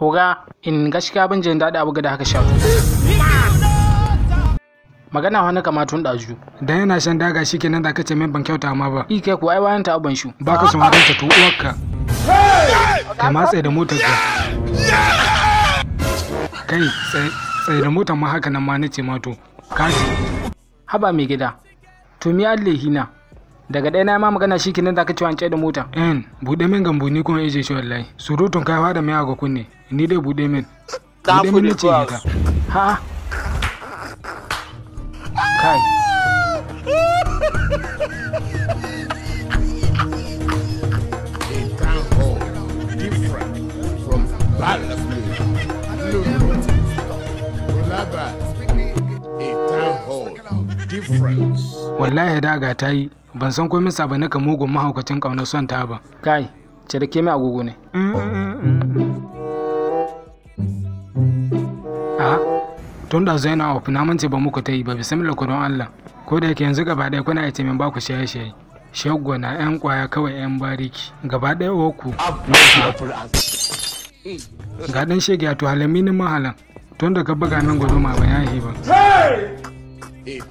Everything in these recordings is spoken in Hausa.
Oga, in gaskiya bin jin daɗi abu da haka sha. Magana wani kama tun ɗaju. Dan yana shan daga shi kenan da kace min ban kyauta ma ba. Ike ku ai bayan ta shu. shi. Ba ka son hakan ta to uwarka. Ka matsa da motar ka. Kai tsaye da motar ma haka nan ma nace ma to. Kaji. Haba mai gida. To mi Allah na. daga ɗaya na ma magana shi kenan da aka cewa an da mota en buɗe min gambo ni kuma ije shi wallahi surutun kai fada mai ga kunne ni dai buɗe min buɗe min ce ka ha kai Wallahi daga ta yi ban san komai saba na ka mugun mahaukacin ƙaunar son ta ba kai ke mai agogo ne a tun da zai na ofi na mance ba muku ta yi ba bismillah ku don allah ko da yake yanzu gaba ɗaya kuna ce min ba ku shaye shaye shagwa na yan kwaya kawai yan bariki gaba ɗaya oku ga ɗan shege a tuhalami ni mahalan tun da ka buga min ma ba ya ba. Hey!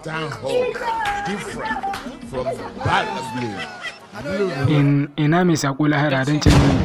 A different. In ina mai saƙo lahara don canji.